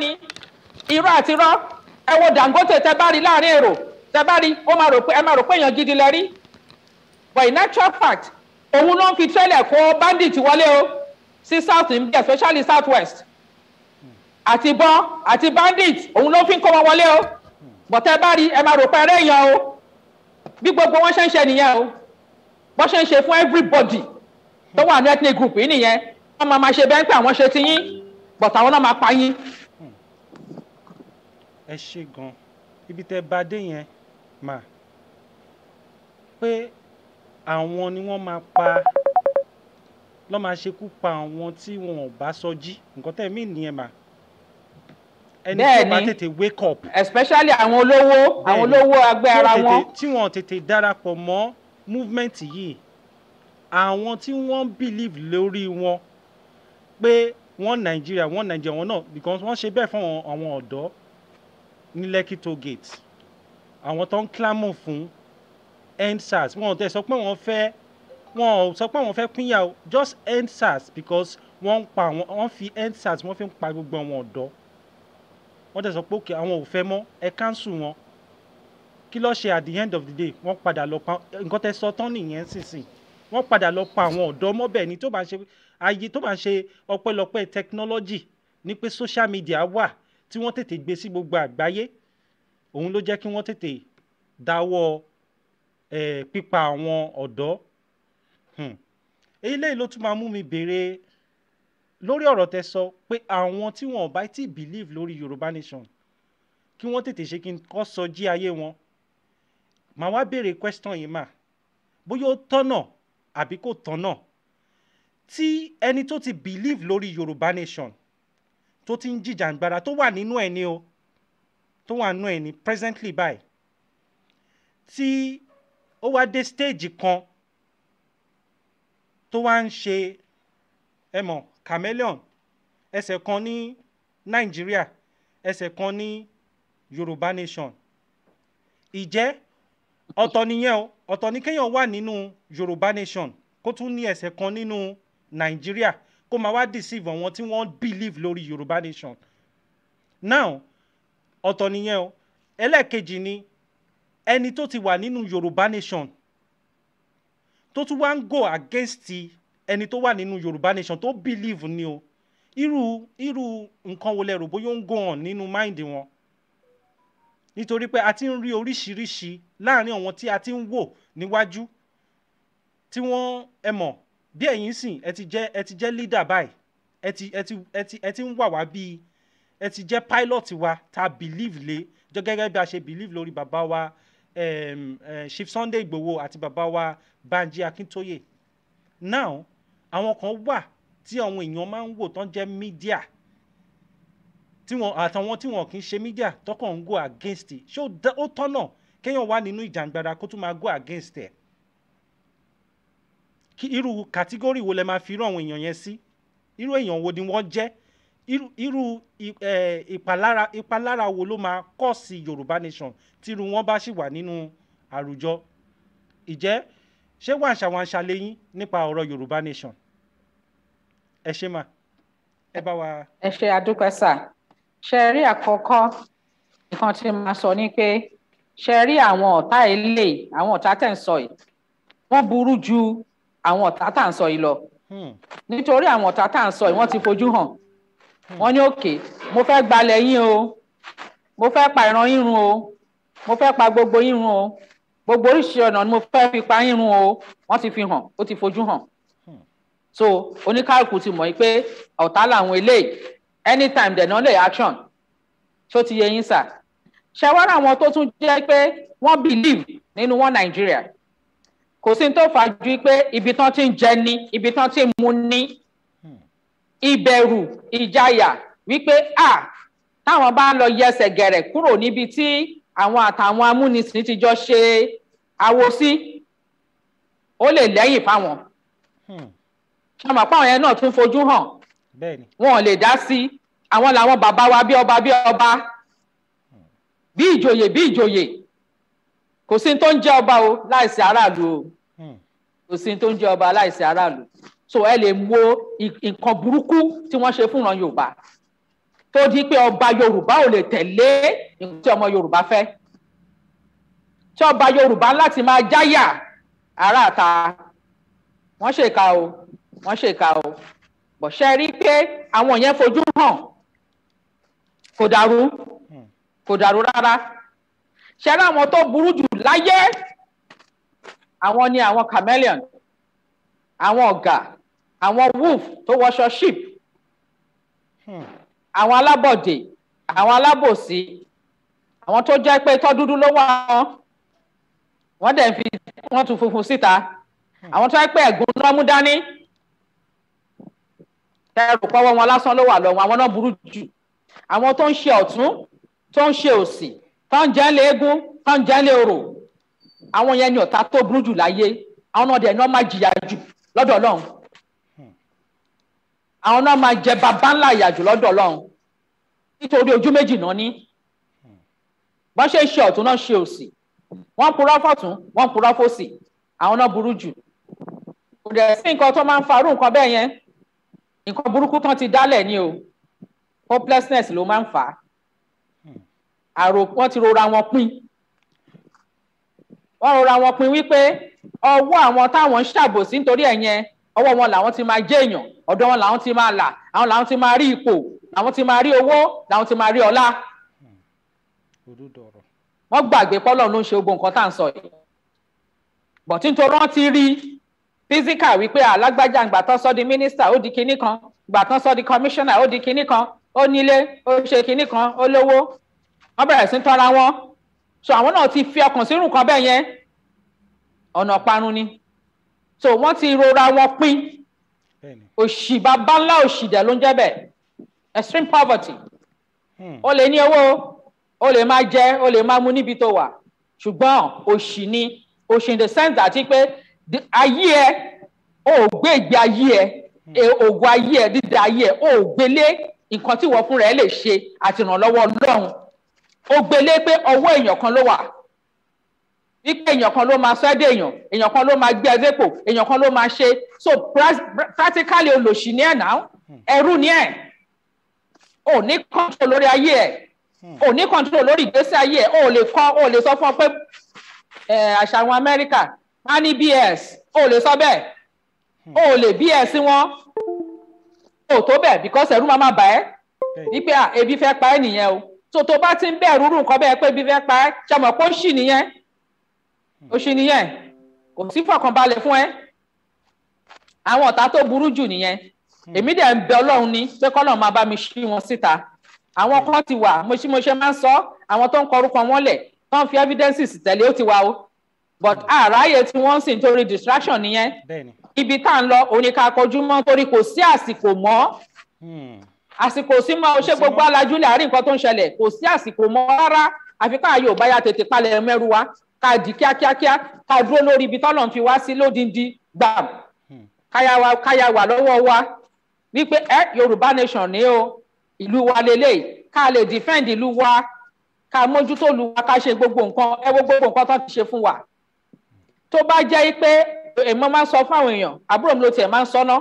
ni irọ́ àti irọ́ ẹ wo Dangote tẹ bá rí láàrin èrò tẹ bá rí ó máa rò pé ẹ máa rò pé èèyàn gidi lẹ rí but in actual fact òun ló ń fi tẹ́lẹ̀ kó bandit wọlé o sí south india especially south west àti bọ́ àti bandit òun ló fi ń kó wọn wọlé o but tẹ bá rí ẹ máa rò pé ẹrẹ́ èèyàn o bí gbogbo wọn ṣe ń ṣe nìyẹn o bọ́ ṣe ń ṣe fún everybody tó wà ní ethnic group yìí nìyẹn wọ́n máa ma ṣe bẹ́ẹ̀ pé àwọn ṣe ti yín but àwọn náà máa pa yín ẹ ṣe gan ibi tẹ́ bá dé yẹn mà pé àwọn ni wọ́n máa pa lọ́ máa ṣekú pa àwọn tí wọn ò bá sọjí nǹkan tẹ́ mí nìyẹn mà ẹni tí bá tètè wake up. especially àwọn olówó àwọn olówó agbẹ́ ara wọn. tí wọn tètè darapọ̀ mọ́ movement yìí àwọn tí wọ́n believe lórí wọn pé wọ́n nàìjíríà wọ́n nàìjíríà wọn náà because wọ́n ṣe bẹ́ẹ̀ fún àwọn ọ̀dọ́ ní Lekki toll gate àwọn tó ń clamor fún endsars wọn ò tẹ sọ pé wọ́n fẹ́ wọn ò sọ pé wọ́n fẹ́ pínyà o just endsars because wọ́n ń pa àwọn wọ́n fi endsars wọ́n fi ń pa gbogbo àwọn ọ̀dọ́ wọ́n tẹ sọ pé òkè àwọn ò fẹ́ mọ́ ẹ cancel wọn kí ló ṣe at the end of the day wọ́n padà lọ pa nǹkan tẹ sọ tán nìyẹn sísìn wọ́n padà lọ pa àwọn ọ̀dọ́ mọ́bẹ̀ ni tó bá ń ṣe ayé tó bá ń ṣe ọpẹ́lọpẹ́ technology ní pé social media wà tí wọ́n tètè gbé sí gbogbo àgbáyé òun ló jẹ́ kí wọ́n tètè dáwọ́ pípa àwọn ọ̀dọ́ hmm. eléyìí ló tún máa mú mi béèrè lórí ọ̀rọ̀ tẹ́ sọ pé àwọn tí wọn ò bá ti believe lórí Yorùbá Nation kí wọ́n tètè ṣe kí n kọ́ sọ jí ayé wọn màá wá béèrè question yìí mà bóyá ó tọ́nà àbí kò tọ́nà tí ẹni tó ti believe lórí Yorùbá Nation tó ti ń jìjàǹgbara tó wà nínú ẹ̀ ni o tó wà nínú ẹ̀ ni presently by. tí ó wá dé stage kan tó wá ń ṣe ẹ mọ̀ chameleon ẹsẹ̀ kan ní Nigeria, ẹsẹ̀ kan ní Yorùbá nation ìjẹ́ ọ̀tọ̀ nìyẹn o ọ̀tọ̀ ni kéèyàn wà nínú Yorùbá nation kó tún ní ẹsẹ̀ kan nínú Nàìjíríà kó máa wá deceive àwọn tí wọ́n believe lórí Yorùbá nation now ọ̀tọ̀ nìyẹn o ẹlẹ́ẹ̀kejì ni ẹni tó ti wà nínú Yorùbá nation tó tún wá ń go against ẹni tó wà nínú Yorùbá nation tó believe ni o irú irú nǹkan wo lẹ rò bóyá ó ń go on nínú mind wọn nítorí pé a ti ń rí oríṣiríṣi láàrin àwọn tí a ti ń wò níwájú tí wọ́n ẹ mọ̀ bí ẹ̀yin sìn ẹ ti jẹ́ ẹ ti jẹ́ leader báyìí ẹ ti ẹ ti ẹ ti ẹ ti ń wà wá bíi ẹ ti jẹ́ pilot wa ta believe le jọ gẹ́gẹ́ bí a ṣe believe lórí bàbá wa um, Sunday Igboho àti bàbá wa Banji Akintoye now àwọn kan wà tí àwọn èèyàn máa ń wò tán jẹ́ media tí wọn àtàwọn tí wọn kì í ṣe media tọkàn ń go against it ṣé ó tọ́nà kéèyàn wà nínú ìjàngbara kó tún máa go against it irú kàtígórì wo lẹ máa fi irú àwọn èèyàn yẹn sí irú èèyàn wo ni wọ́n jẹ́ irú ìpalára ìpalára wo ló máa kọ́ sí Yorùbá nation tírú wọn bá sì wà nínú àwùjọ ìjẹ́ ṣé wàǹṣàwàǹṣà lẹ́yìn nípa ọ̀rọ̀ Yorùbá nation ẹ ṣe mà ẹ bá wa. ẹ ṣe àdúpẹ́ sà ṣe rí àkọ́kọ́ nǹkan tí màá sọ ni pé ṣe rí àwọn ọ̀tá ilé àwọn ọ̀tá tẹ̀ ń sọ yìí wọ́n burú ju àwọn ọ̀tá tá à ń sọ yìí lọ hmm. nítorí àwọn ọ̀tá tá à ń sọ yìí wọ́n ti fojú hàn hmm. wọ́n ní òkè mo fẹ́ gbalẹ̀ yín o mo fẹ́ pa ìran yín run o mo fẹ́ pa gbogbo yín run o gbogbo oríṣi ọ̀nà ni mo fẹ́ fi pa yín run o wọ́n ti fi hàn ó ti fojú hàn hmm. so oníkálukú ti mọ̀ pé ọ̀tá làwọn eléyìí anytime dẹ̀ náà lè action ṣó ti yẹ yín sà ṣẹwárà àwọn tó tún jẹ́ pé wọ́n believe nínú wọn Nàìjíríà kò sí tó fà ju pé ibi tán ti ń jẹ ni ibi tán ti ń mu ni ìbẹ̀rù ìjayà wípé a táwọn bá lọ yẹsẹ̀ gẹ̀rẹ̀ kúrò níbi tí àwọn àtàwọn amúnisìn ti jọ ṣe awo sí ó lè lẹ́yìn fáwọn hmm. ṣọmọ pàwọn yẹn náà tún fojú hàn wọn ò lè dá sí àwọn làwọn bàbá wa bí ọba bí ọba hmm. bí ìjòyè bí ìjòyè kò sí tó ń jẹ́ ọba o láìsí aráàlú o hmm. kò sí tó ń jẹ́ ọba láìsí aráàlú so ẹ lè wo nǹkan burúkú tí wọ́n ṣe fúnran yorùbá tó di pé ọba yorùbá ò lè tẹ̀lé nǹkan tí ọmọ yorùbá fẹ́ tí ọba yorùbá láti máa jáyà aráàta wọ́n ṣèkà o wọ́n ṣèkà o bọ̀ ṣe rí pé àwọn yẹn fojú hàn kò dàrú hmm. kò dàrú rárá ṣẹ́rẹ́ àwọn tó burú jù láyé àwọn ni àwọn chameleon àwọn ọ̀gà àwọn wolf tó wọṣọ sheep hmm. àwọn alábọ̀dé àwọn alábòsí àwọn tó jẹ́ pé tọ́ dúdú ló wà wọ́n wọ́n dẹ̀ fi wọ́n tún funfun síta hmm. àwọn tó jẹ́ pé ẹ̀gún náà mú dání ẹrù pọ́wọ́ wọn lásán ló wà lọ́wọ́ àwọn náà burú jù àwọn tó ń ṣe ọ̀tún tó ń ṣe òsì táwọn jẹ́ ń lé eégún táwọn jẹ́ ń lé orò àwọn yẹn ni ọ̀tá tó burú jù láyé àwọn náà dẹ̀ ni wọ́n máa jìyà jù lọ́dọ̀ ọlọ́run àwọn náà máa jẹ bàbá ńlá ìyà jù lọ́dọ̀ ọlọ́run nítorí ojú méjì náà ní bọ́n ṣe ṣe ọ̀tún náà ṣe òsì wọ́n purọ́ fọ̀tún wọ́n purọ́ fòsì àwọn náà burú jù kò dẹ̀ sí nǹkan tó máa ń farú nǹkan bẹ́ẹ̀ yẹn nǹkan burúkú tán ti dálẹ̀ ni o hopelessness ló máa ń fà á àròpọ̀ ti rora wọn pín wọ́n rora wọn pín wípé ọwọ́ àwọn táwọn ń ṣàbòsí nítorí ẹ̀yẹn ọwọ́ wọn làwọn ti máa jẹ́ èèyàn ọ̀dọ̀ wọn làwọn ti máa là àwọn làwọn ti máa rí ipò làwọn ti máa rí owó làwọn ti máa rí ọlá. wọ́n gbàgbé pọ́lọ̀ ló ń ṣe gbogbo nǹkan tá à ń sọ yìí bọ̀tí nítorí ti rí físíkà wípé alágbájá ìgbà tán sọ di mínísítà ó di kinní kan ìgbà tán sọ di kọmíṣánná ó di kinní kan ó nílé ó ṣe kinní kan ó lówó wọ́n bẹ̀rẹ̀ sí tọ́ra wọn so àwọn náà ti fi ọkàn sínú nǹkan bẹ́ẹ̀ yẹn ọ̀nà parun ni so wọ́n ti rora wọn pín òṣì bàbá ńlá òṣì dẹ̀ ló ń jẹ́ bẹ́ẹ̀ extreme poverty hmm. o lè ní owó o lè máa jẹ o lè máa mu níbi tó wà ṣùgbọ́n òṣì ni òṣì in the sense àti pé ayé ẹ ò gbé ìgbé ayé ẹ òògùn hmm. e, ayé ẹ dídá ayé ẹ ò gbélé nǹkan tí wọ́n fúnra ẹ lè ṣe àti ìrànlọ́wọ́ Ọlọ́run ó gbélé pé ọwọ́ èèyàn kan ló wà ipe èèyàn kan ló máa sọ́dẹ̀ èèyàn èèyàn kan ló máa gbé ẹ dépò èèyàn kan ló máa ṣe so practically olòṣì ní ẹ̀ náà ẹrú ní ẹ̀ ò ní control lórí ayé ẹ̀ ò ní control lórí ìgbésí ayé ẹ̀ ò lè kọ́ ò lè sọ fún ọ pé àṣà àwọn Amẹ́ríkà má ní BS ò lè sọ bẹ́ẹ̀ ò lè BS wọn ò tó bẹ́ẹ̀ because ẹ̀rú máa máa bà ẹ́ wípé ebi fẹ́ pa ẹ́ nìyẹn o tó tó bá ti ń bẹ̀rù rú nǹkan bẹ́ẹ̀ pé bí fẹ́ pa ẹ́ ṣe mọ̀ pé ó ṣì nìyẹn ó ṣì nìyẹn kò sí fọkànbalẹ̀ fún ẹ àwọn ọ̀tá tó burú jù nìyẹn hmm. èmi dẹ̀ ń bẹ ọlọ́run ni pé kọ́lọ́run máa bá mi ṣí wọn síta àwọn kan ti wà mo ṣí mo ṣe máa ń sọ àwọn tó ń kọ wọn lẹ̀ tó ń fi evidences tẹ̀lé ó ti wà o but hmm. àráyè tí wọ́n sì ń torí distraction nìyẹn ibi tá à ń lọ òun ni ká kọjú mọ́ torí kò sí àsìkò mọ́ hmm àsìkò sí mọ́ ṣé gbogbo alájú lè àárín nǹkan tó ń ṣẹlẹ̀ kò sí àsìkò mọ́ rárá àfi káà yóò bá yá tètè palẹ̀ mẹ́rù wa ká dì kíákíákíá ká dúró lórí ibi tọ́lọ̀ ń fi wá sí lódindi gbàm hmm. káyà wà lọ́wọ́ wa wípé ẹ Yorùbá nation ni o ìlú wa lélẹ́yìí ká lè defend ìlú wa ká mójútó ìlú wa ká ṣe gbogbo nǹkan ẹ wo gbogbo nǹkan tó ti ṣe fún wa tó bá jẹ́ pé èmi máa ń sọ fún àwọn èèyàn àbúrò mi ló tiẹ̀ máa ń sọ ná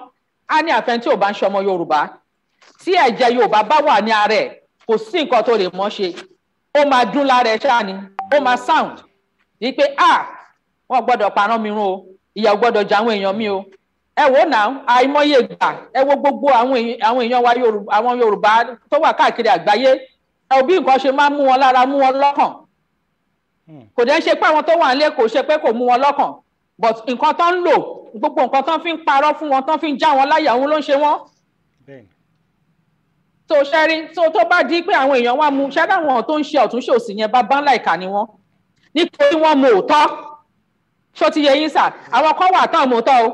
á ní àfẹn tí ò bá ń ṣọmọ Yorùbá tí ẹ̀jẹ̀ Yorùbá bá wà ní ara ẹ̀ kò sí nǹkan tó lè mọ́ ṣe ó máa dún lára ẹ̀ ṣáà ni ó máa sound ní pé ah wọ́n gbọ́dọ̀ parán mi rún o ìyà gbọ́dọ̀ jẹ àwọn èèyàn mi o ẹ wò náà àìmọye ìgbà ẹ wo gbogbo àwọn èèyàn wa àwọn Yorùbá tó wà káàkiri àgbáyé ẹ ò bí nǹkan ṣe máa mú wọn lára mú wọn lọ́kàn hmm. kò dẹ́ ṣe pé àwọn tó wà nílé kò ṣe pé kò mú wọn lọ́kàn but nǹkan tó ń lò gbogbo nǹkan tó ń fi ń parọ́ fún wọn tó ń fi já wọn láyà òun ló ń ṣe wọ́n so ṣẹ́rí so tó bá di pé àwọn èèyàn wa mu ṣẹ́rí àwọn tó ń ṣe ọ̀túnṣe òsì yẹn bá báńlá ìkà ni wọ́n nítorí wọ́n mọ òótọ́ ṣó ti yẹ yín sà àwọn kan wà tán mọ òótọ́ o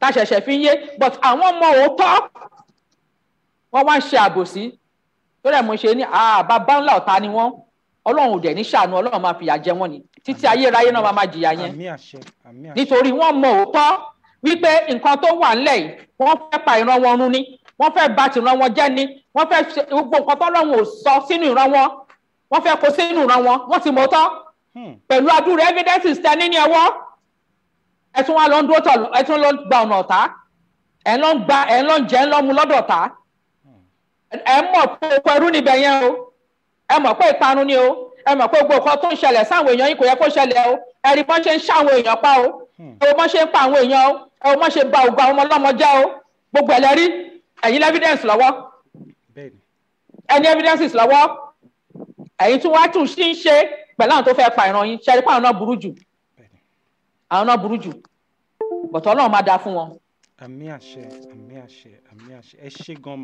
ta ṣẹ̀ṣẹ̀ fi ń yé but àwọn mọ òótọ́ wọ́n wá ń ṣe àbòsí tó dẹ̀ mo ṣe ní àbá báńlá ọ̀tá ni wọ́n ọlọ́run ò dẹ̀ ní ṣàánú ọlọ́run máa fìyà jẹ wọ́n ni títí ayérayé náà máa jìyà yẹn nítorí wọ́n mọ òótọ́ wípé nǹkan tó wà ńlẹ̀ yìí wọ́n fẹ́ pa ìran wọn run ni wọ́n fẹ́ bà tìran wọn jẹ́ ni wọ́n fẹ́ gbogbo nǹkan tọ́lọ́run ò sọ sínú ìran wọn wọ́n fẹ́ kó sínú ìran wọn wọ́n ti mọ̀ tọ́ hmm. pẹ̀lú adúrú evidence tẹ ní ní ẹwọ́ ẹ tún wá lọ ń dúró tọ̀ ẹ tún lọ ń gba ọ̀nà ọ̀tá ẹ ń lọ ń gba ẹ ń lọ ń jẹ ẹ ń lọ ń mu lọ́dọ̀ ọ̀tá ẹ mọ̀ pé oko ẹrú níbẹ̀ yẹn o ẹ mọ̀ pé ìparun ni o ẹ mọ̀ pé gbogbo nǹkan tó ń ṣẹlẹ̀ sáwọn èèyàn yìí kò yẹ kó ṣẹlẹ̀ o ẹ rí bọ́n ṣe ń ṣàwọn èèyàn pa o hmm. ẹ wò bọ́n ṣe ń pa àwọn èèyàn o ẹ wò bọ́n ṣe ń ba ògùn àwọn ọmọ ọlọ́mọ jẹ́ o gbogbo ẹ̀lẹ́rí ẹ̀yin lẹ́ evidence lọ́wọ́ ẹni evidence lọ́wọ́ ẹ̀yin tí wọ́n á tún sí ń ṣe pẹ̀lú àwọn tó fẹ́ pa ìran yín ṣẹ́rí pé àwọn náà burú jù àwọn náà burú jù bọ̀tọ̀ ọlọ́run máa dáa fún wọn. àmì àṣẹ àmì àṣẹ àmì àṣẹ ẹ ṣé gan.